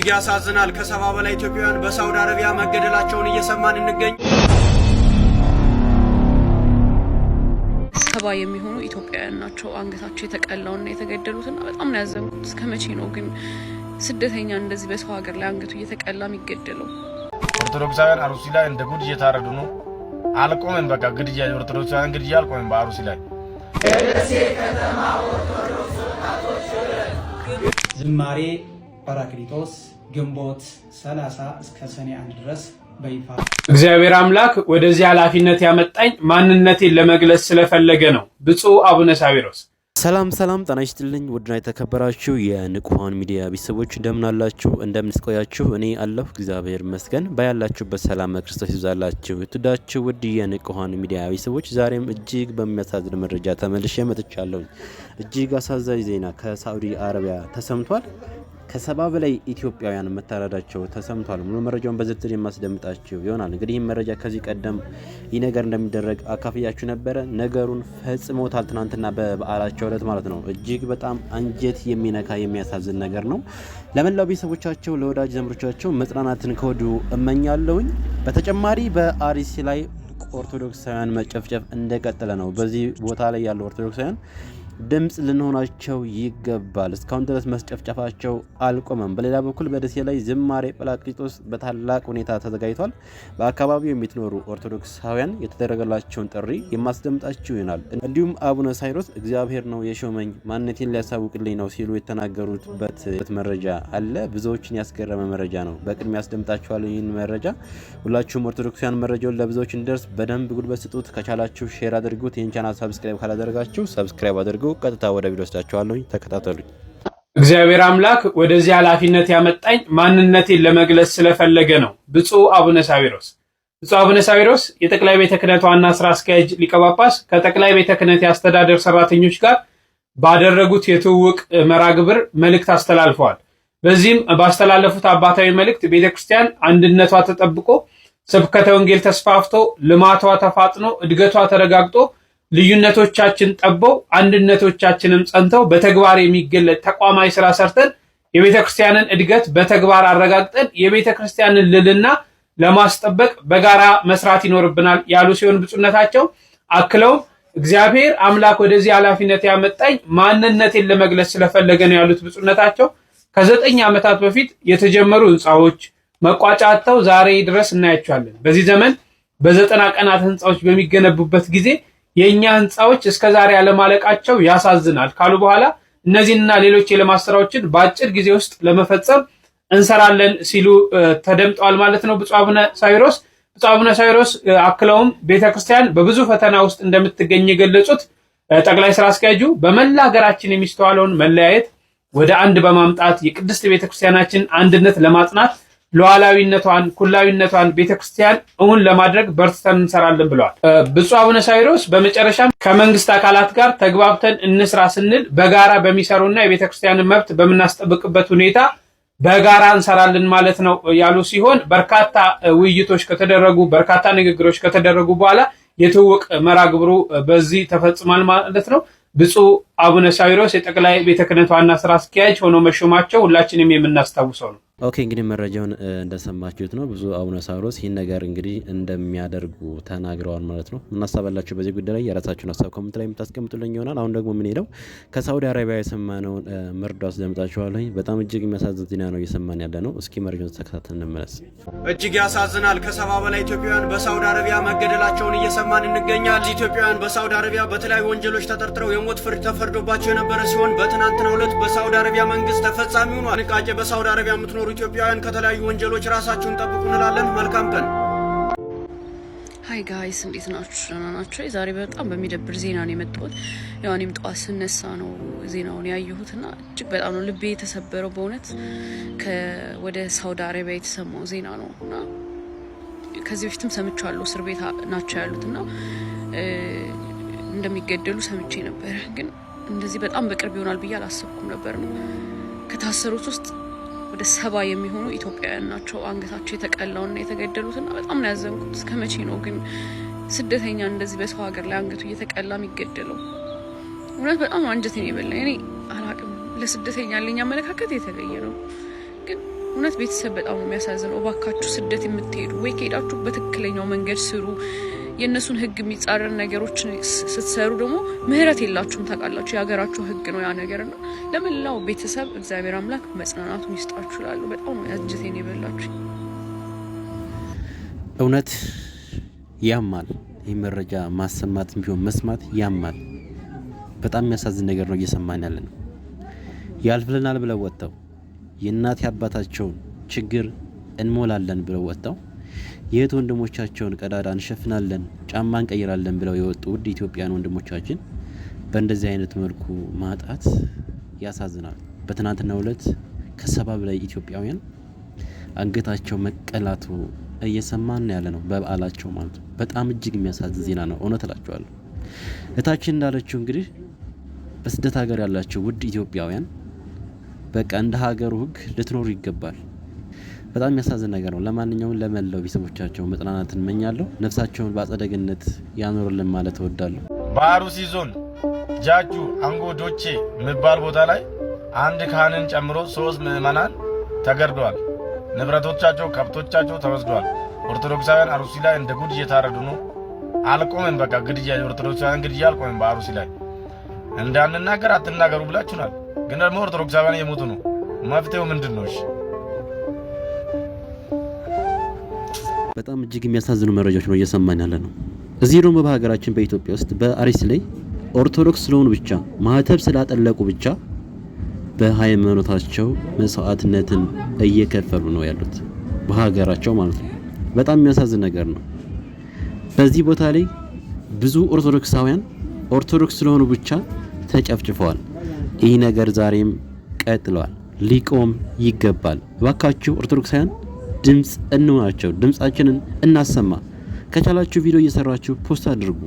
እጅግ ያሳዝናል። ከሰባ በላይ ኢትዮጵያውያን በሳውዲ አረቢያ መገደላቸውን እየሰማን እንገኝ። ሰባ የሚሆኑ ኢትዮጵያውያን ናቸው አንገታቸው የተቀላውና የተገደሉትና በጣም ነው ያዘንኩት። እስከ መቼ ነው ግን ስደተኛ እንደዚህ በሰው ሀገር ላይ አንገቱ እየተቀላ የሚገደለው? ኦርቶዶክሳውያን አሩሲ ላይ እንደ ጉድ እየታረዱ ነው። አልቆመን በቃ ግድያ፣ ኦርቶዶክሳውያን ግድያ አልቆመን በአሩሲ ላይ ዝማሬ ጰራክሊጦስ ግንቦት 30 እስከ ሰኔ 1 ድረስ በይፋ እግዚአብሔር አምላክ ወደዚህ ኃላፊነት ያመጣኝ ማንነቴን ለመግለጽ ስለፈለገ ነው። ብፁዕ አቡነ ሳዊሮስ ሰላም ሰላም፣ ጤና ይስጥልኝ። ውድና የተከበራችሁ የንቁሃን ሚዲያ ቤተሰቦች እንደምናላችሁ፣ እንደምንስቆያችሁ፣ እኔ አለሁ እግዚአብሔር ይመስገን። ባያላችሁበት ሰላም ክርስቶስ ይብዛላችሁ። ትዳችሁ ውድ የንቁሃን ሚዲያ ቤተሰቦች፣ ዛሬም እጅግ በሚያሳዝን መረጃ ተመልሼ መጥቻለሁኝ። እጅግ አሳዛኝ ዜና ከሳዑዲ አረቢያ ተሰምቷል። ከሰባ በላይ ኢትዮጵያውያን መታረዳቸው ተሰምቷል። ሙሉ መረጃውን በዝርዝር የማስደምጣቸው ይሆናል። እንግዲህ ይህ መረጃ ከዚህ ቀደም ይህ ነገር እንደሚደረግ አካፍያችሁ ነበረ። ነገሩን ፈጽሞታል ትናንትና በበዓላቸው እለት ማለት ነው። እጅግ በጣም አንጀት የሚነካ የሚያሳዝን ነገር ነው። ለመላው ቤተሰቦቻቸው፣ ለወዳጅ ዘመዶቻቸው መጽናናትን ከወዲሁ እመኛለሁኝ። በተጨማሪ በአርሲ ላይ ኦርቶዶክሳውያን መጨፍጨፍ እንደቀጠለ ነው። በዚህ ቦታ ላይ ያለው ኦርቶዶክሳውያን ድምፅ ልንሆናቸው ይገባል። እስካሁን ድረስ መስጨፍጨፋቸው አልቆመም። በሌላ በኩል በደሴ ላይ ዝማሬ ጰራቅሊጦስ በታላቅ ሁኔታ ተዘጋጅቷል። በአካባቢው የምትኖሩ ኦርቶዶክሳውያን የተደረገላቸውን ጥሪ የማስደምጣችሁ ይሆናል። እንዲሁም አቡነ ሳይሮስ እግዚአብሔር ነው የሾመኝ ማንነቴን ሊያሳውቅልኝ ነው ሲሉ የተናገሩበት መረጃ አለ። ብዙዎችን ያስገረመ መረጃ ነው። በቅድሚያ ያስደምጣችኋል ይህን መረጃ። ሁላችሁም ኦርቶዶክሳውያን መረጃውን ለብዙዎች እንደርስ በደንብ ጉልበት ስጡት። ከቻላችሁ ሼር አድርጉት። ይህን ቻናል ሰብስክራይብ ካላደረጋችሁ ሰብስክራይብ አድርጉ። ቀጥታ ወደ ቪዲዮ ወስዳችኋለሁኝ። ተከታተሉኝ። እግዚአብሔር አምላክ ወደዚህ ኃላፊነት ያመጣኝ ማንነቴን ለመግለጽ ስለፈለገ ነው። ብፁዕ አቡነ ሳዊሮስ ብፁዕ አቡነ ሳዊሮስ የጠቅላይ ቤተ ክህነት ዋና ስራ አስኪያጅ ሊቀ ከጠቅላይ ቤተ ክህነት የአስተዳደር ሰራተኞች ጋር ባደረጉት የትውውቅ መርሃ ግብር መልእክት አስተላልፈዋል። በዚህም ባስተላለፉት አባታዊ መልእክት ቤተክርስቲያን አንድነቷ ተጠብቆ ስብከተ ወንጌል ተስፋፍቶ ልማቷ ተፋጥኖ እድገቷ ተረጋግጦ ልዩነቶቻችን ጠበው አንድነቶቻችንም ጸንተው በተግባር የሚገለጥ ተቋማዊ ስራ ሰርተን የቤተ ክርስቲያንን እድገት በተግባር አረጋግጠን የቤተ ክርስቲያንን ልልና ለማስጠበቅ በጋራ መስራት ይኖርብናል ያሉ ሲሆን ብፁዕነታቸው አክለውም እግዚአብሔር አምላክ ወደዚህ ኃላፊነት ያመጣኝ ማንነቴን ለመግለጽ ስለፈለገ ነው ያሉት ብፁዕነታቸው ከዘጠኝ ዓመታት በፊት የተጀመሩ ህንፃዎች መቋጫተው ዛሬ ድረስ እናያቸዋለን። በዚህ ዘመን በዘጠና ቀናት ህንፃዎች በሚገነቡበት ጊዜ የእኛ ህንፃዎች ዛሬ አለማለቃቸው ያሳዝናል ካሉ በኋላ እነዚህና ሌሎች የልማት ስራዎችን በአጭር ጊዜ ውስጥ ለመፈጸም እንሰራለን ሲሉ ተደምጠዋል ማለት ነው ብፁዕ አቡነ ሳዊሮስ። ብፁዕ አቡነ ሳዊሮስ አክለውም ቤተክርስቲያን በብዙ ፈተና ውስጥ እንደምትገኝ የገለጹት ጠቅላይ ስራ አስኪያጁ በመላ ሀገራችን የሚስተዋለውን መለያየት ወደ አንድ በማምጣት የቅድስት ቤተክርስቲያናችን አንድነት ለማጽናት ሉዓላዊነቷን ኩላዊነቷን ቤተክርስቲያን እውን ለማድረግ በርትተን እንሰራለን ብለዋል ብፁዕ አቡነ ሳይሮስ። በመጨረሻም ከመንግስት አካላት ጋር ተግባብተን እንስራ ስንል በጋራ በሚሰሩና የቤተክርስቲያንን መብት በምናስጠብቅበት ሁኔታ በጋራ እንሰራለን ማለት ነው ያሉ ሲሆን በርካታ ውይይቶች ከተደረጉ በርካታ ንግግሮች ከተደረጉ በኋላ የትውውቅ መርሃ ግብሩ በዚህ ተፈጽሟል ማለት ነው። ብፁዕ አቡነ ሳዊሮስ የጠቅላይ ቤተ ክህነት ዋና ስራ አስኪያጅ ሆኖ መሾማቸው ሁላችንም የምናስታውሰው ነው። ኦኬ እንግዲህ መረጃውን እንደሰማችሁት ነው። ብዙ አቡነ ሳዊሮስ ይህን ነገር እንግዲህ እንደሚያደርጉ ተናግረዋል ማለት ነው። ምን በዚህ ጉዳይ ላይ? የራሳችሁን ሀሳብ ኮመንት ላይ የምታስቀምጡልኝ ይሆናል። አሁን ደግሞ የምንሄደው ከሳውዲ አረቢያ የሰማነውን ምርዶ አስደምጣችኋለሁ። በጣም እጅግ የሚያሳዝን ዜና ነው እየሰማን ያለ ነው። እስኪ መረጃውን ተከታተል እንመለስ። እጅግ ያሳዝናል። ከሰባ በላይ ኢትዮጵያውያን በሳውዲ አረቢያ መገደላቸውን እየሰማን እንገኛል። ኢትዮጵያውያን በሳውዲ አረቢያ በተለያዩ ወንጀሎች ተጠርጥረው የሞት ፍርድ ተፈርዶባቸው የነበረ ሲሆን በትናንትናው ዕለት በሳውዲ አረቢያ መንግስት ተፈጻሚ ሆኗል። ንቃቄ በሳውዲ አረቢያ የምትኖሩ ኢትዮጵያውያን ከተለያዩ ወንጀሎች ራሳችሁን ጠብቁ እንላለን። መልካም ቀን። ሀይ ጋይስ እንዴት ናችሁ? ደህና ናቸው። ዛሬ በጣም በሚደብር ዜና ነው የመጣሁት። ያው እኔም ጠዋት ስነሳ ነው ዜናውን ያየሁት እና እጅግ በጣም ነው ልቤ የተሰበረው በእውነት ወደ ሳውዲ አረቢያ የተሰማው ዜና ነው እና ከዚህ በፊትም ሰምቻለሁ እስር ቤት ናቸው ያሉት እና እንደሚገደሉ ሰምቼ ነበረ፣ ግን እንደዚህ በጣም በቅርብ ይሆናል ብዬ አላሰብኩም ነበር ነው ከታሰሩት ውስጥ ወደ ሰባ የሚሆኑ ኢትዮጵያውያን ናቸው አንገታቸው የተቀላውና የተገደሉትና በጣም ነው ያዘንኩት። እስከ መቼ ነው ግን ስደተኛ እንደዚህ በሰው ሀገር ላይ አንገቱ እየተቀላ የሚገደለው? እውነት በጣም አንጀቴን የበላኝ እኔ አላቅም። ለስደተኛ ያለኝ አመለካከት የተለየ ነው። ግን እውነት ቤተሰብ በጣም ነው የሚያሳዝነው። እባካችሁ ስደት የምትሄዱ ወይ ከሄዳችሁ በትክክለኛው መንገድ ስሩ። የእነሱን ህግ የሚጻረር ነገሮችን ስትሰሩ ደግሞ ምህረት የላችሁም ታውቃላችሁ። የሀገራችሁ ህግ ነው ያ ነገር እና ለመላው ቤተሰብ እግዚአብሔር አምላክ መጽናናቱን ይስጣችሁ እላለሁ። በጣም ያጅቴን የበላችሁ እውነት ያማል። ይህ መረጃ ማሰማት ቢሆን መስማት ያማል። በጣም የሚያሳዝን ነገር ነው እየሰማን ያለ ነው። ያልፍልናል ብለው ወጥተው የእናት አባታቸውን ችግር እንሞላለን ብለው ወጥተው የእህት ወንድሞቻቸውን ቀዳዳ እንሸፍናለን፣ ጫማ እንቀይራለን ብለው የወጡ ውድ ኢትዮጵያን ወንድሞቻችን በእንደዚህ አይነት መልኩ ማጣት ያሳዝናል። በትናንትናው ዕለት ከሰባ በላይ ኢትዮጵያውያን አንገታቸው መቀላቱ እየሰማን ያለ ነው፣ በበዓላቸው ማለት ነው። በጣም እጅግ የሚያሳዝን ዜና ነው። እውነት እላቸዋለሁ። እታችን እንዳለችው እንግዲህ በስደት ሀገር ያላቸው ውድ ኢትዮጵያውያን በቃ እንደ ሀገሩ ሕግ ልትኖሩ ይገባል። በጣም የሚያሳዝን ነገር ነው። ለማንኛውም ለመላው ቤተሰቦቻቸው መጽናናትን እመኛለሁ። ነፍሳቸውን በአጸደ ገነት ያኖርልን ማለት እወዳለሁ። በአሩሲ ዞን ጃጁ አንጎ ዶቼ የሚባል ቦታ ላይ አንድ ካህንን ጨምሮ ሶስት ምዕመናን ተገድለዋል። ንብረቶቻቸው፣ ከብቶቻቸው ተወስደዋል። ኦርቶዶክሳውያን አሩሲ ላይ እንደ ጉድ እየታረዱ ነው። አልቆምም። በቃ ግድያ፣ ኦርቶዶክሳውያን ግድያ አልቆምም። በአሩሲ ላይ እንዳንናገር አትናገሩ ብላችሁናል። ግን ደግሞ ኦርቶዶክሳውያን እየሞቱ ነው። መፍትሄው ምንድን ነው? በጣም እጅግ የሚያሳዝኑ መረጃዎች ነው እየሰማን ያለ ነው። እዚህ ደግሞ በሀገራችን በኢትዮጵያ ውስጥ በአርሲ ላይ ኦርቶዶክስ ስለሆኑ ብቻ ማህተብ ስላጠለቁ ብቻ በሃይማኖታቸው መስዋዕትነትን እየከፈሉ ነው ያሉት በሀገራቸው ማለት ነው። በጣም የሚያሳዝን ነገር ነው። በዚህ ቦታ ላይ ብዙ ኦርቶዶክሳውያን ኦርቶዶክስ ስለሆኑ ብቻ ተጨፍጭፈዋል። ይህ ነገር ዛሬም ቀጥለዋል፣ ሊቆም ይገባል። እባካችሁ ኦርቶዶክሳውያን ድምፅ እንሆናቸው። ድምፃችንን እናሰማ። ከቻላችሁ ቪዲዮ እየሰራችሁ ፖስት አድርጉ።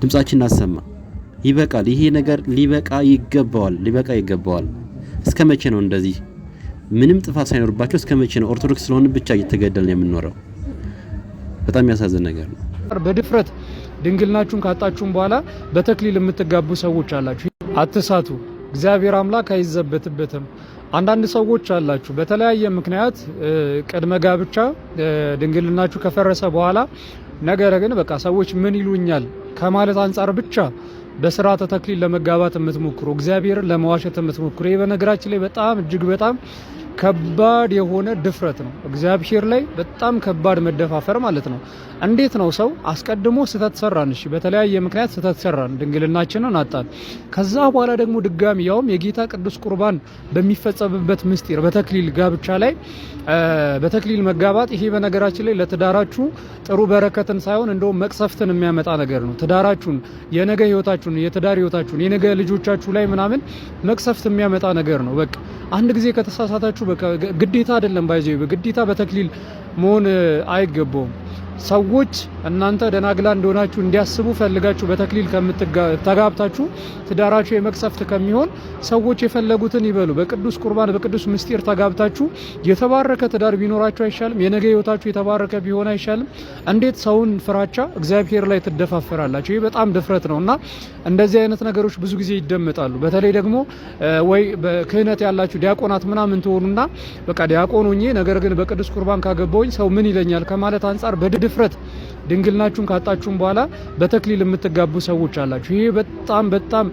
ድምፃችን እናሰማ። ይበቃል። ይሄ ነገር ሊበቃ ይገባዋል። ሊበቃ ይገባዋል። እስከ መቼ ነው እንደዚህ ምንም ጥፋት ሳይኖርባቸው እስከ መቼ ነው ኦርቶዶክስ ስለሆነ ብቻ እየተገደልን የምንኖረው? በጣም ያሳዝን ነገር ነው። በድፍረት ድንግልናችሁን ካጣችሁም በኋላ በተክሊል የምትጋቡ ሰዎች አላችሁ። አትሳቱ። እግዚአብሔር አምላክ አይዘበትበትም። አንዳንድ ሰዎች አላችሁ በተለያየ ምክንያት ቅድመ ጋብቻ ድንግልናችሁ ከፈረሰ በኋላ ነገር ግን በቃ ሰዎች ምን ይሉኛል ከማለት አንጻር ብቻ በስራ ተክሊል ለመጋባት የምትሞክሩ እግዚአብሔርን ለመዋሸት የምትሞክሩ ይህ በነገራችን ላይ በጣም እጅግ በጣም ከባድ የሆነ ድፍረት ነው። እግዚአብሔር ላይ በጣም ከባድ መደፋፈር ማለት ነው። እንዴት ነው ሰው አስቀድሞ ስህተት ሰራን፣ እሺ፣ በተለያየ ምክንያት ስህተት ሰራን፣ ድንግልናችንን አጣን። ከዛ በኋላ ደግሞ ድጋሚ ያውም የጌታ ቅዱስ ቁርባን በሚፈጸምበት ምስጢር በተክሊል ጋብቻ ላይ በተክሊል መጋባት። ይሄ በነገራችን ላይ ለትዳራችሁ ጥሩ በረከትን ሳይሆን እንደውም መቅሰፍትን የሚያመጣ ነገር ነው። ትዳራችሁን፣ የነገ ህይወታችሁን፣ የትዳር ህይወታችሁን፣ የነገ ልጆቻችሁ ላይ ምናምን መቅሰፍት የሚያመጣ ነገር ነው። በቃ አንድ ጊዜ ከተሳሳታችሁ በቃ ግዴታ አይደለም ባይዘ ግዴታ በተክሊል መሆን አይገባውም። ሰዎች እናንተ ደናግላ እንደሆናችሁ እንዲያስቡ ፈልጋችሁ በተክሊል ተጋብታችሁ ትዳራችሁ የመቅሰፍት ከሚሆን ሰዎች የፈለጉትን ይበሉ። በቅዱስ ቁርባን በቅዱስ ምስጢር ተጋብታችሁ የተባረከ ትዳር ቢኖራችሁ አይሻልም? የነገ ህይወታችሁ የተባረከ ቢሆን አይሻልም? እንዴት ሰውን ፍራቻ እግዚአብሔር ላይ ትደፋፈራላችሁ? ይህ በጣም ድፍረት ነው እና እንደዚህ አይነት ነገሮች ብዙ ጊዜ ይደመጣሉ። በተለይ ደግሞ ወይ ክህነት ያላችሁ ዲያቆናት ምናምን ትሆኑና በቃ ዲያቆን ሆኜ ነገር ግን በቅዱስ ቁርባን ካገባሁኝ ሰው ምን ይለኛል ከማለት አንጻር በድፍረት ድንግልናችሁን ካጣችሁም በኋላ በተክሊል የምትጋቡ ሰዎች አላችሁ። ይሄ በጣም በጣም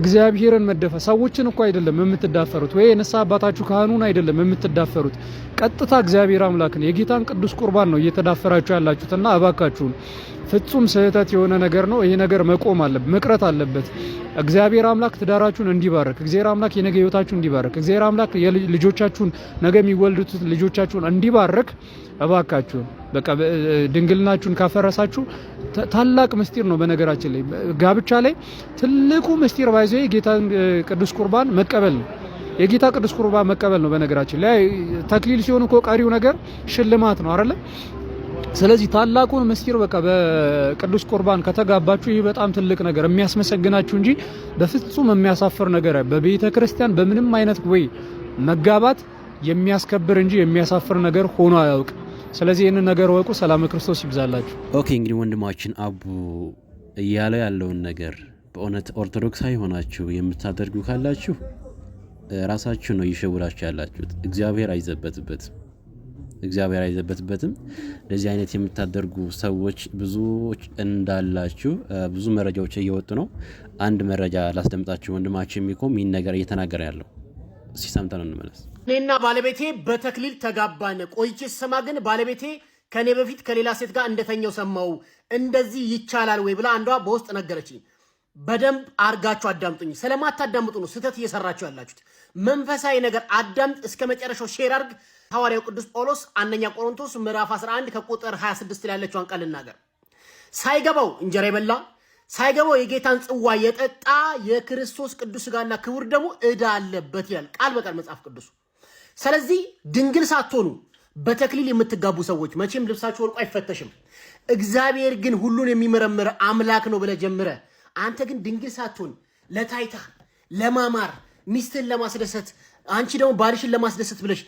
እግዚአብሔርን መደፈ ሰዎችን እኮ አይደለም የምትዳፈሩት፣ ወይ የነሳ አባታችሁ ካህኑን አይደለም የምትዳፈሩት፣ ቀጥታ እግዚአብሔር ነው። የጌታን ቅዱስ ቁርባን ነው እየተዳፈራችሁ ያላችሁትና እባካችሁን ፍጹም ስህተት የሆነ ነገር ነው። ይሄ ነገር መቆም አለበት፣ መቅረት አለበት። እግዚአብሔር አምላክ ትዳራችሁን እንዲባርክ፣ እግዚአብሔር አምላክ የነገ ህይወታችሁን እንዲባርክ፣ እግዚአብሔር አምላክ ልጆቻችሁን ነገ የሚወልዱት ልጆቻችሁን እንዲባርክ እባካችሁን በቃ ድንግልናችሁን ካፈረሳችሁ ታላቅ ምስጢር ነው። በነገራችን ላይ ጋብቻ ላይ ትልቁ ምስጢር ባይዞ የጌታን ቅዱስ ቁርባን መቀበል ነው። የጌታ ቅዱስ ቁርባን መቀበል ነው። በነገራችን ላይ ተክሊል ሲሆን እኮ ቀሪው ነገር ሽልማት ነው አይደለ? ስለዚህ ታላቁን ምስጢር በቃ በቅዱስ ቁርባን ከተጋባችሁ ይህ በጣም ትልቅ ነገር የሚያስመሰግናችሁ እንጂ በፍጹም የሚያሳፍር ነገር በቤተ ክርስቲያን በምንም አይነት ወይ መጋባት የሚያስከብር እንጂ የሚያሳፍር ነገር ሆኖ አያውቅ። ስለዚህ ይህንን ነገር ወቁ። ሰላም ክርስቶስ ይብዛላችሁ። ኦኬ እንግዲህ ወንድማችን አቡ እያለ ያለውን ነገር በእውነት ኦርቶዶክሳዊ ሆናችሁ የምታደርጉ ካላችሁ ራሳችሁ ነው እየሸውዳችሁ ያላችሁት። እግዚአብሔር አይዘበትበት። እግዚአብሔር አይዘበትበትም። እንደዚህ አይነት የምታደርጉ ሰዎች ብዙዎች እንዳላችሁ ብዙ መረጃዎች እየወጡ ነው። አንድ መረጃ ላስደምጣችሁ። ወንድማችሁ የሚቆም ይህን ነገር እየተናገረ ያለው ሲሰምተን እንመለስ። እኔና ባለቤቴ በተክሊል ተጋባን። ቆይቼ ስሰማ ግን ባለቤቴ ከእኔ በፊት ከሌላ ሴት ጋር እንደተኛው ሰማው። እንደዚህ ይቻላል ወይ ብላ አንዷ በውስጥ ነገረችኝ። በደንብ አርጋችሁ አዳምጡኝ። ስለማታዳምጡ ነው ስህተት እየሰራችሁ ያላችሁት። መንፈሳዊ ነገር አዳምጥ፣ እስከ መጨረሻው ሼር አርግ ሐዋርያው ቅዱስ ጳውሎስ አንደኛ ቆሮንቶስ ምዕራፍ 11 ከቁጥር 26 ያለችውን ቃል ልናገር። ሳይገባው እንጀራ የበላ ሳይገባው የጌታን ጽዋ የጠጣ የክርስቶስ ቅዱስ ሥጋና ክቡር ደግሞ ዕዳ አለበት ይላል ቃል በቃል መጽሐፍ ቅዱሱ። ስለዚህ ድንግል ሳትሆኑ በተክሊል የምትጋቡ ሰዎች መቼም ልብሳችሁ ወልቆ አይፈተሽም። እግዚአብሔር ግን ሁሉን የሚመረምር አምላክ ነው ብለህ ጀምረ አንተ ግን ድንግል ሳትሆን ለታይታ ለማማር ሚስትን ለማስደሰት አንቺ ደግሞ ባልሽን ለማስደሰት ብለሽ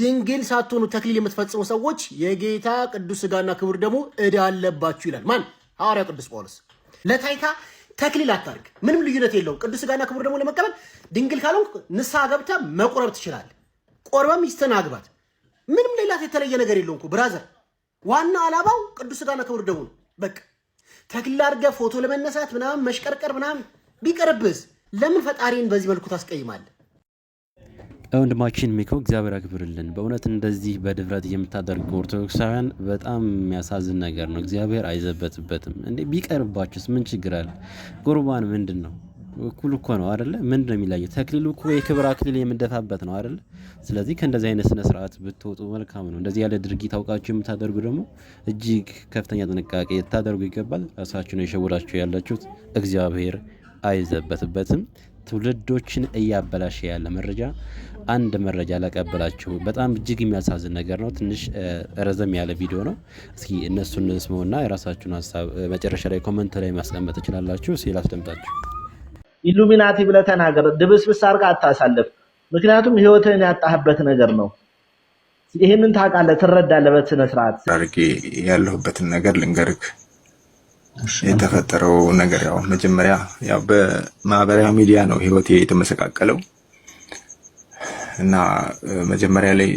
ድንግል ሳትሆኑ ተክሊል የምትፈጽሙ ሰዎች የጌታ ቅዱስ ስጋና ክቡር ደግሞ እዳ አለባችሁ ይላል። ማን? ሐዋርያው ቅዱስ ጳውሎስ። ለታይታ ተክሊል አታርግ። ምንም ልዩነት የለውም። ቅዱስ ስጋና ክቡር ደግሞ ለመቀበል ድንግል ካልሆንክ ንስሐ ገብተ መቁረብ ትችላለህ። ቆርበም ይስተናግባት። ምንም ሌላ የተለየ ነገር የለውም። ብራዘር፣ ዋና አላባው ቅዱስ ስጋና ክቡር ደግሞ ነው። በቃ ተክሊል አድርገህ ፎቶ ለመነሳት ምናምን መሽቀርቀር ምናምን ቢቀርብስ ለምን ፈጣሪን በዚህ መልኩ ታስቀይማለህ? ወንድማችን ሚኮ እግዚአብሔር አክብርልን በእውነት እንደዚህ በድፍረት የምታደርጉ ኦርቶዶክሳውያን በጣም የሚያሳዝን ነገር ነው። እግዚአብሔር አይዘበትበትም እንዴ! ቢቀርባችሁስ ምን ችግር አለ? ቁርባን ምንድን ነው? እኩል እኮ ነው አደለ? ምንድን ነው የሚለየው? ተክሊሉ እኮ የክብር አክሊል የምንደፋበት ነው አደለ? ስለዚህ ከእንደዚህ አይነት ስነ ስርዓት ብትወጡ መልካም ነው። እንደዚህ ያለ ድርጊት አውቃችሁ የምታደርጉ ደግሞ እጅግ ከፍተኛ ጥንቃቄ ልታደርጉ ይገባል። ራሳችሁ ነው ያላችሁት። እግዚአብሔር አይዘበትበትም። ትውልዶችን እያበላሸ ያለ መረጃ አንድ መረጃ ላቀብላችሁ። በጣም እጅግ የሚያሳዝን ነገር ነው። ትንሽ ረዘም ያለ ቪዲዮ ነው። እስኪ እነሱን ስመውና የራሳችሁን ሀሳብ መጨረሻ ላይ ኮመንት ላይ ማስቀመጥ ትችላላችሁ ሲል አስደምጣችሁ። ኢሉሚናቲ ብለህ ተናገር፣ ድብስብስ አታሳልፍ። ምክንያቱም ህይወትህን ያጣህበት ነገር ነው። ይህንን ታውቃለህ፣ ትረዳለህ። በስነ ስርዓት አድርጌ ያለሁበትን ነገር ልንገርክ። የተፈጠረው ነገር ያው መጀመሪያ ያው በማህበራዊ ሚዲያ ነው ህይወቴ የተመሰቃቀለው እና መጀመሪያ ላይ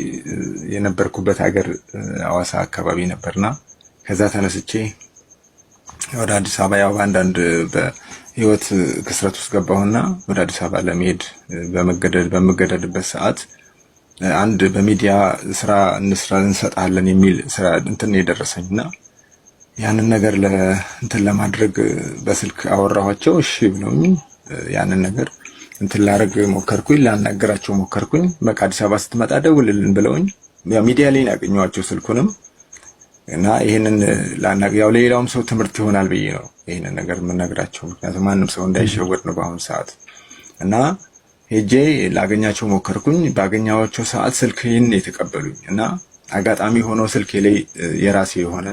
የነበርኩበት ሀገር አዋሳ አካባቢ ነበርና ከዛ ተነስቼ ወደ አዲስ አበባ ያው በአንዳንድ በህይወት ክስረት ውስጥ ገባሁና ወደ አዲስ አበባ ለመሄድ በመገደድ በምገደድበት ሰዓት አንድ በሚዲያ ስራ እንስራ እንሰጣለን የሚል ስራ እንትን የደረሰኝ እና ያንን ነገር እንትን ለማድረግ በስልክ አወራኋቸው። እሺ ብለውኝ ያንን ነገር እንትን ላረግ ሞከርኩኝ፣ ላናገራቸው ሞከርኩኝ። በቃ አዲስ አበባ ስትመጣ ደውልልን ብለውኝ ሚዲያ ላይ ያገኘኋቸው ስልኩንም እና ይህንን ያው ለሌላውም ሰው ትምህርት ይሆናል ብዬ ነው ይህንን ነገር የምነግራቸው። ምክንያቱም ማንም ሰው እንዳይሸወድ ነው በአሁኑ ሰዓት። እና ሄጄ ላገኛቸው ሞከርኩኝ። ባገኛቸው ሰዓት ስልክ ስልክህን የተቀበሉኝ እና አጋጣሚ ሆኖ ስልክ ላይ የራሴ የሆነ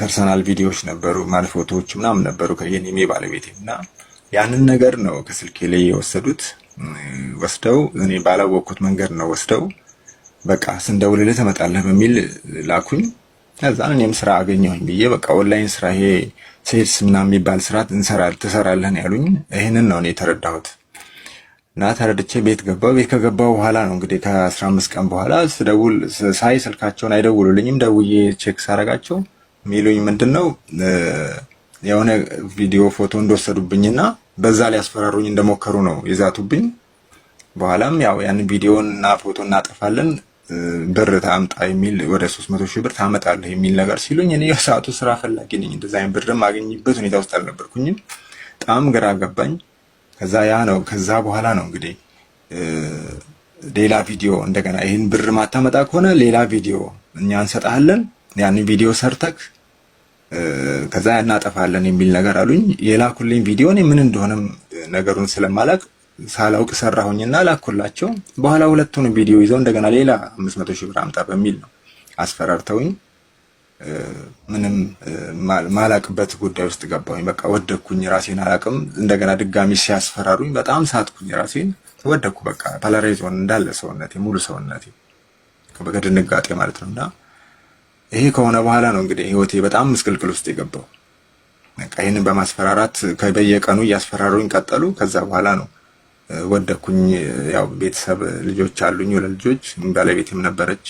ፐርሰናል ቪዲዮዎች ነበሩ፣ ማለት ፎቶዎች ምናምን ነበሩ ከየኔ ባለቤቴ እና ያንን ነገር ነው ከስልኬ ላይ የወሰዱት። ወስደው እኔ ባላወቅኩት መንገድ ነው ወስደው፣ በቃ ስንደውልልህ ትመጣለህ በሚል ላኩኝ። ከዛን እኔም ስራ አገኘሁኝ ብዬ በቃ ኦንላይን ስራ ይሄ ሴልስ ምናምን የሚባል ስራ ትሰራለህ ነው ያሉኝ። ይህንን ነው እኔ የተረዳሁት። እና ተረድቼ ቤት ገባሁ። ቤት ከገባሁ በኋላ ነው እንግዲህ ከአስራ አምስት ቀን በኋላ ስደውል ሳይ ስልካቸውን አይደውሉልኝም። ደውዬ ቼክ ሳረጋቸው የሚሉኝ ምንድን ነው የሆነ ቪዲዮ ፎቶ እንደወሰዱብኝና በዛ ላይ ያስፈራሩኝ እንደሞከሩ ነው የዛቱብኝ። በኋላም ያው ያን ቪዲዮን እና ፎቶ እናጠፋለን ብር ታምጣ የሚል ወደ 300 ሺህ ብር ታመጣለህ የሚል ነገር ሲሉኝ፣ እኔ የሰዓቱ ስራ ፈላጊ ነኝ። እንደዛ አይነት ብር ማገኝበት ሁኔታ ውስጥ አልነበርኩኝም። በጣም ግራ ገባኝ። ከዛ ያ ነው ከዛ በኋላ ነው እንግዲህ ሌላ ቪዲዮ እንደገና ይህን ብር ማታመጣ ከሆነ ሌላ ቪዲዮ እኛ እንሰጣለን። ያን ቪዲዮ ሰርተክ ከዛ እናጠፋለን የሚል ነገር አሉኝ። የላኩልኝ ቪዲዮ እኔ ምን እንደሆነም ነገሩን ስለማላቅ ሳላውቅ ሰራሁኝና ላኩላቸው። በኋላ ሁለቱን ቪዲዮ ይዘው እንደገና ሌላ 500 ሺህ ብር አምጣ በሚል ነው አስፈራርተውኝ ምንም ማላቅበት ጉዳይ ውስጥ ገባሁኝ። በቃ ወደኩኝ፣ ራሴን አላቅም። እንደገና ድጋሚ ሲያስፈራሩኝ በጣም ሳትኩኝ፣ ራሴን ወደኩ። በቃ ፓላራይዝ ሆን እንዳለ ሰውነቴ ሙሉ ሰውነቴ ድንጋጤ ማለት ነው እና ይሄ ከሆነ በኋላ ነው እንግዲህ ህይወቴ በጣም ምስቅልቅል ውስጥ የገባው። በቃ ይህንን በማስፈራራት በየቀኑ እያስፈራሩኝ ቀጠሉ። ከዛ በኋላ ነው ወደኩኝ። ያው ቤተሰብ ልጆች አሉኝ፣ ሁለት ልጆች፣ ባለቤቴም ነበረች።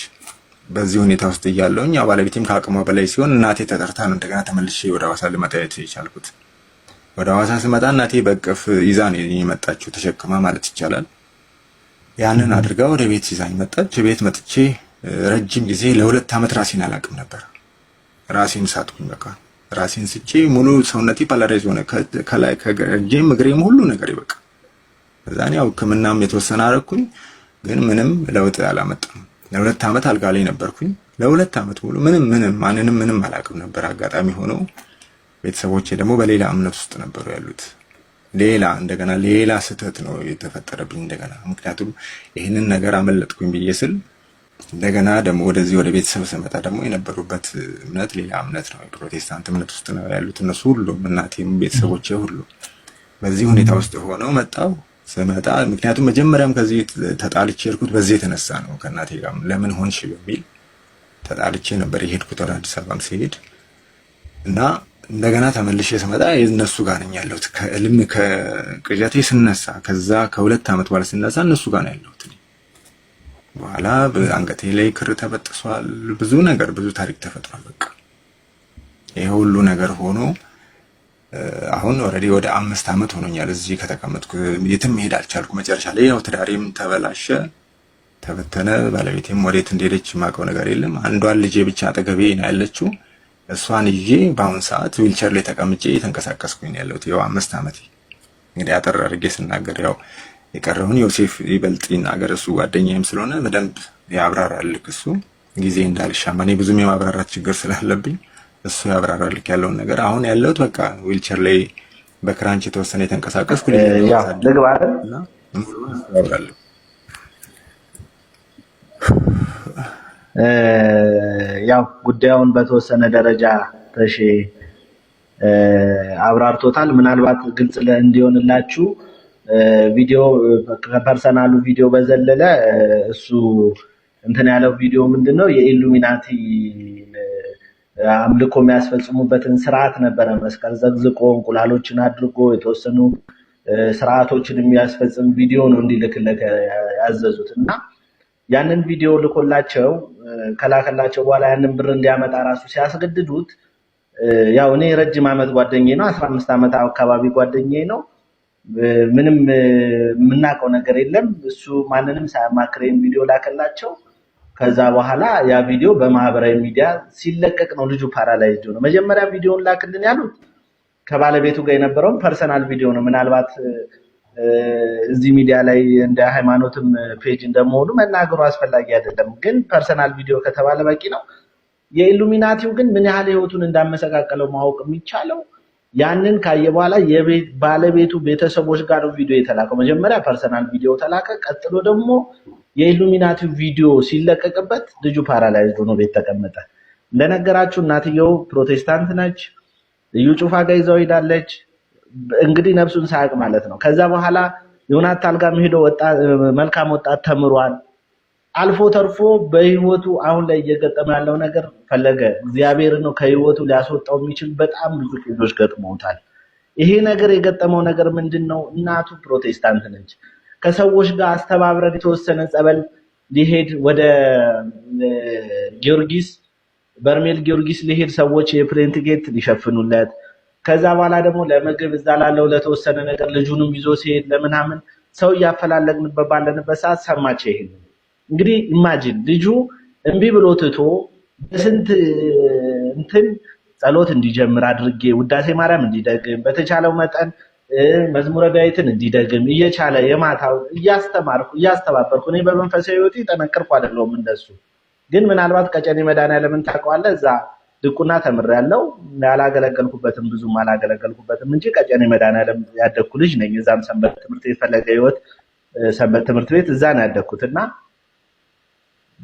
በዚህ ሁኔታ ውስጥ እያለውኝ ያው ባለቤቴም ከአቅሟ በላይ ሲሆን እናቴ ተጠርታ ነው እንደገና ተመልሼ ወደ ሐዋሳ ልመጣ የቻልኩት። ወደ ሐዋሳ ስመጣ እናቴ በቅፍ ይዛ ነው የመጣችው፣ ተሸክማ ማለት ይቻላል። ያንን አድርጋ ወደ ቤት ይዛኝ መጣች። ቤት መጥቼ ረጅም ጊዜ ለሁለት ዓመት ራሴን አላቅም ነበር። ራሴን ሳትኩኝ በቃ ራሴን ስቼ ሙሉ ሰውነቴ ፓላራይዝ ሆነ። ከላይ ከእጄም እግሬም ሁሉ ነገር ይበቃ። ከዛኔ ያው ሕክምናም የተወሰነ አረኩኝ፣ ግን ምንም ለውጥ አላመጣም። ለሁለት ዓመት አልጋ ላይ ነበርኩኝ። ለሁለት ዓመት ሙሉ ምንም ምንም ማንንም ምንም አላቅም ነበር። አጋጣሚ ሆኖ ቤተሰቦቼ ደግሞ በሌላ እምነት ውስጥ ነበሩ ያሉት። ሌላ እንደገና ሌላ ስህተት ነው የተፈጠረብኝ እንደገና። ምክንያቱም ይህንን ነገር አመለጥኩኝ ብዬ ስል እንደገና ደግሞ ወደዚህ ወደ ቤተሰብ ስመጣ ደግሞ የነበሩበት እምነት ሌላ እምነት ነው። የፕሮቴስታንት እምነት ውስጥ ነው ያሉት እነሱ ሁሉም፣ እናቴም ቤተሰቦች ሁሉም። በዚህ ሁኔታ ውስጥ ሆነው መጣው ስመጣ ምክንያቱም መጀመሪያም ከዚህ ተጣልቼ የሄድኩት በዚህ የተነሳ ነው። ከእናቴ ጋር ለምን ሆንሽ በሚል ተጣልቼ ነበር የሄድኩት ወደ አዲስ አበባም ሲሄድ እና እንደገና ተመልሼ ስመጣ እነሱ ጋር ነኝ ያለሁት። ከእልም ከቅዠቴ ስነሳ ከዛ ከሁለት ዓመት በኋላ ስነሳ እነሱ ጋር ነው ያለሁት። በኋላ አንገቴ ላይ ክር ተበጥሷል። ብዙ ነገር ብዙ ታሪክ ተፈጥሯል። በቃ ይሄ ሁሉ ነገር ሆኖ አሁን ኦልሬዲ ወደ አምስት ዓመት ሆኖኛል እዚህ ከተቀመጥኩ፣ የትም መሄድ አልቻልኩ። መጨረሻ ላይ ያው ትዳሬም ተበላሸ፣ ተበተነ። ባለቤቴም ወዴት እንደሄደች የማውቀው ነገር የለም። አንዷን ልጄ ብቻ አጠገቤ ነው ያለችው። እሷን ይዤ በአሁን ሰዓት ዊልቸር ላይ ተቀምጬ የተንቀሳቀስኩኝ ያለሁት ያው አምስት ዓመት እንግዲህ አጠር አድርጌ ስናገር ያው የቀረውን ዮሴፍ ይበልጥ ይናገር፣ እሱ ጓደኛዬም ስለሆነ በደንብ ያብራራል። እሱ ጊዜ እንዳልሻማ እኔ ብዙም የማብራራት ችግር ስላለብኝ እሱ ያብራራል። ልክ ያለውን ነገር አሁን ያለሁት በቃ ዊልቸር ላይ በክራንች የተወሰነ የተንቀሳቀስኩ ያብራል። ያው ጉዳዩን በተወሰነ ደረጃ ተሼ አብራርቶታል። ምናልባት ግልጽ እንዲሆንላችሁ ቪዲዮ ከፐርሰናሉ ቪዲዮ በዘለለ እሱ እንትን ያለው ቪዲዮ ምንድን ነው የኢሉሚናቲ አምልኮ የሚያስፈጽሙበትን ስርዓት ነበረ። መስቀል ዘግዝቆ እንቁላሎችን አድርጎ የተወሰኑ ስርዓቶችን የሚያስፈጽም ቪዲዮ ነው እንዲልክለት ያዘዙት እና ያንን ቪዲዮ ልኮላቸው ከላከላቸው በኋላ ያንን ብር እንዲያመጣ ራሱ ሲያስገድዱት ያው እኔ ረጅም ዓመት ጓደኛ ነው። አስራ አምስት ዓመት አካባቢ ጓደኛ ነው። ምንም የምናውቀው ነገር የለም። እሱ ማንንም ሳያማክረኝ ቪዲዮ ላከላቸው። ከዛ በኋላ ያ ቪዲዮ በማህበራዊ ሚዲያ ሲለቀቅ ነው ልጁ ፓራላይዝድ ነው። መጀመሪያ ቪዲዮን ላክልን ያሉት ከባለቤቱ ጋር የነበረውን ፐርሰናል ቪዲዮ ነው። ምናልባት እዚህ ሚዲያ ላይ እንደ ሃይማኖትም ፔጅ እንደመሆኑ መናገሩ አስፈላጊ አይደለም፣ ግን ፐርሰናል ቪዲዮ ከተባለ በቂ ነው። የኢሉሚናቲው ግን ምን ያህል ህይወቱን እንዳመሰቃቀለው ማወቅ የሚቻለው ያንን ካየ በኋላ ባለቤቱ ቤተሰቦች ጋር ነው ቪዲዮ የተላከው። መጀመሪያ ፐርሰናል ቪዲዮ ተላከ። ቀጥሎ ደግሞ የኢሉሚናቲ ቪዲዮ ሲለቀቅበት ልጁ ፓራላይዝድ ሆኖ ቤት ተቀመጠ። እንደነገራችሁ እናትየው ፕሮቴስታንት ነች። ልዩ ጩፋ ጋር ይዘው ሄዳለች። እንግዲህ ነፍሱን ሳያውቅ ማለት ነው። ከዛ በኋላ ዮናታን ጋር ሄዶ መልካም ወጣት ተምሯል። አልፎ ተርፎ በህይወቱ አሁን ላይ እየገጠመ ያለው ነገር ፈለገ እግዚአብሔር ነው ከህይወቱ ሊያስወጣው የሚችል በጣም ብዙ ቄሶች ገጥመውታል። ይሄ ነገር የገጠመው ነገር ምንድን ነው? እናቱ ፕሮቴስታንት ነች። ከሰዎች ጋር አስተባብረን የተወሰነ ጸበል ሊሄድ ወደ ጊዮርጊስ በርሜል ጊዮርጊስ ሊሄድ ሰዎች የፕሌንት ጌት ሊሸፍኑለት፣ ከዛ በኋላ ደግሞ ለምግብ እዛ ላለው ለተወሰነ ነገር ልጁንም ይዞ ሲሄድ ለምናምን ሰው እያፈላለግንበት ባለንበት ሰዓት ሰማች ይሄንን እንግዲህ ኢማጂን ልጁ እምቢ ብሎ ትቶ በስንት እንትን ጸሎት እንዲጀምር አድርጌ ውዳሴ ማርያም እንዲደግም በተቻለው መጠን መዝሙረ ዳዊትን እንዲደግም እየቻለ የማታው እያስተማርኩ እያስተባበርኩ እኔ በመንፈሳዊ ሕይወት ጠነቅርኩ አይደለሁም። እንደሱ ግን ምናልባት ቀጨኔ መድኃኒዓለምን ታውቀዋለህ? እዛ ድቁና ተምሬያለሁ። አላገለገልኩበትም፣ ብዙም አላገለገልኩበትም እንጂ ቀጨኔ መድኃኒዓለም ያደግኩ ልጅ ነኝ። እዛም ሰንበት ትምህርት ቤት ህይወት ሰንበት ትምህርት ቤት እዛ ነው ያደግኩት እና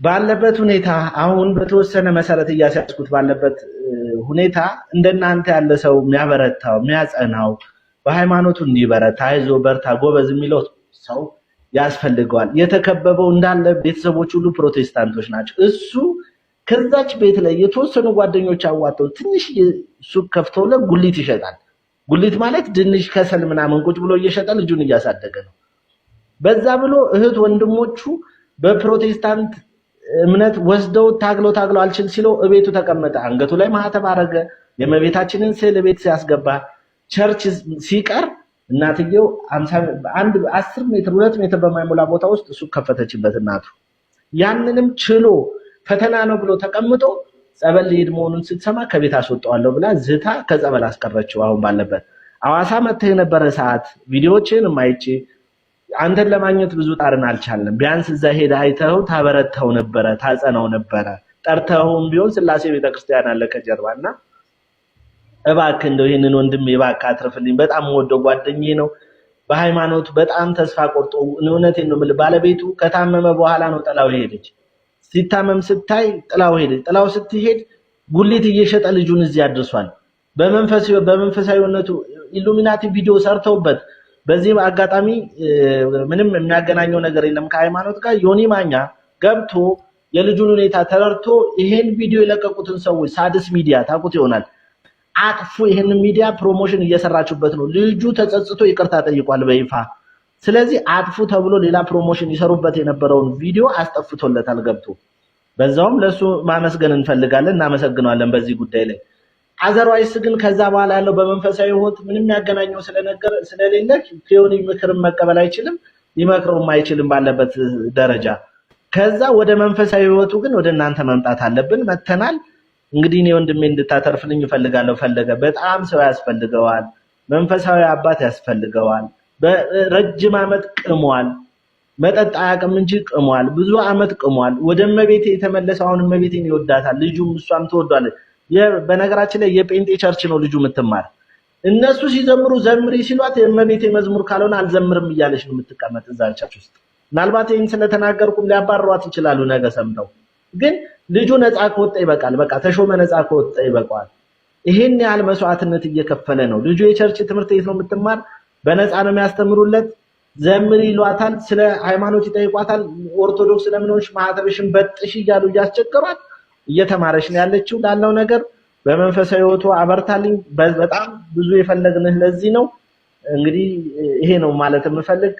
ባለበት ሁኔታ አሁን በተወሰነ መሰረት እያስያዝኩት ባለበት ሁኔታ እንደናንተ ያለ ሰው የሚያበረታው የሚያጸናው በሃይማኖቱ እንዲበረታ አይዞ በርታ ጎበዝ የሚለው ሰው ያስፈልገዋል። የተከበበው እንዳለ ቤተሰቦች ሁሉ ፕሮቴስታንቶች ናቸው። እሱ ከዛች ቤት ላይ የተወሰኑ ጓደኞች አዋጠው ትንሽ ሱቅ ከፍተው ለጉሊት ይሸጣል። ጉሊት ማለት ድንሽ፣ ከሰል ምናምን ቁጭ ብሎ እየሸጠ ልጁን እያሳደገ ነው። በዛ ብሎ እህት ወንድሞቹ በፕሮቴስታንት እምነት ወስደው ታግሎ ታግሎ አልችል ሲለው እቤቱ ተቀመጠ። አንገቱ ላይ ማህተብ አረገ። የመቤታችንን ስዕል ቤት ሲያስገባ ቸርች ሲቀር እናትየው አንድ አስር ሜትር ሁለት ሜትር በማይሞላ ቦታ ውስጥ እሱ ከፈተችበት እናቱ። ያንንም ችሎ ፈተና ነው ብሎ ተቀምጦ ጸበል ሊሄድ መሆኑን ስትሰማ ከቤት አስወጣዋለሁ ብላ ዝታ ከጸበል አስቀረችው። አሁን ባለበት አዋሳ መጥተህ የነበረ ሰዓት ቪዲዮዎችን ማይቼ አንተን ለማግኘት ብዙ ጣርን አልቻለም። ቢያንስ እዛ ሄደ አይተው ታበረተው ነበረ፣ ታጸናው ነበረ። ጠርተውም ቢሆን ስላሴ ቤተክርስቲያን አለ ከጀርባ እና እባክህ እንደው ይህንን ወንድም እባክህ አትርፍልኝ፣ በጣም ወደው ጓደኛዬ ነው። በሃይማኖቱ በጣም ተስፋ ቆርጦ እውነቴን ነው የምልህ፣ ባለቤቱ ከታመመ በኋላ ነው ጥላው ሄደች። ሲታመም ስታይ ጥላው ሄደች። ጥላው ስትሄድ ጉሊት እየሸጠ ልጁን እዚህ አድርሷል። በመንፈሳዊነቱ ኢሉሚናቲ ቪዲዮ ሰርተውበት በዚህ አጋጣሚ ምንም የሚያገናኘው ነገር የለም ከሃይማኖት ጋር። ዮኒ ማኛ ገብቶ የልጁን ሁኔታ ተረድቶ ይሄን ቪዲዮ የለቀቁትን ሰዎች ሳድስ ሚዲያ ታውቁት ይሆናል አቅፉ ይህን ሚዲያ ፕሮሞሽን እየሰራችሁበት ነው። ልጁ ተጸጽቶ ይቅርታ ጠይቋል በይፋ። ስለዚህ አጥፉ ተብሎ ሌላ ፕሮሞሽን ይሰሩበት የነበረውን ቪዲዮ አስጠፍቶለታል ገብቶ። በዛውም ለሱ ማመስገን እንፈልጋለን፣ እናመሰግነዋለን በዚህ ጉዳይ ላይ አዘርዋይስ ግን ከዛ በኋላ ያለው በመንፈሳዊ ህይወት ምንም ያገናኘው ስለነገር ስለሌለ ቴዎኒ ምክርን መቀበል አይችልም፣ ሊመክረውም አይችልም ባለበት ደረጃ። ከዛ ወደ መንፈሳዊ ህይወቱ ግን ወደ እናንተ መምጣት አለብን። መተናል እንግዲህ እኔ ወንድሜ እንድታተርፍልኝ እፈልጋለሁ። ፈለገ በጣም ሰው ያስፈልገዋል፣ መንፈሳዊ አባት ያስፈልገዋል። በረጅም ዓመት ቅሟል። መጠጥ አያውቅም እንጂ ቅሟል። ብዙ ዓመት ቅሟል። ወደ እመቤቴ የተመለሰው አሁን እመቤቴን ይወዳታል። ልጁም እሷም ትወዷለች። በነገራችን ላይ የጴንጤ ቸርች ነው ልጁ የምትማር። እነሱ ሲዘምሩ ዘምሪ ሲሏት የእመቤቴ መዝሙር ካልሆነ አልዘምርም እያለች ነው የምትቀመጥ እዛ ቸርች ውስጥ። ምናልባት ይህን ስለተናገርኩም ሊያባሯት ይችላሉ ነገ ሰምተው። ግን ልጁ ነፃ ከወጣ ይበቃል። በቃ ተሾመ ነፃ ከወጣ ይበቃዋል። ይሄን ያህል መስዋዕትነት እየከፈለ ነው ልጁ። የቸርች ትምህርት ቤት ነው የምትማር። በነፃ ነው የሚያስተምሩለት። ዘምሪ ይሏታል፣ ስለ ሃይማኖት ይጠይቋታል። ኦርቶዶክስ ለምን ሆንሽ ማህተብሽን በጥሽ እያሉ እያስቸገሯት እየተማረች ነው ያለችው። ላለው ነገር በመንፈሳዊ ህይወቱ አበርታልኝ። በጣም ብዙ የፈለግንህ ለዚህ ነው። እንግዲህ ይሄ ነው ማለት የምፈልግ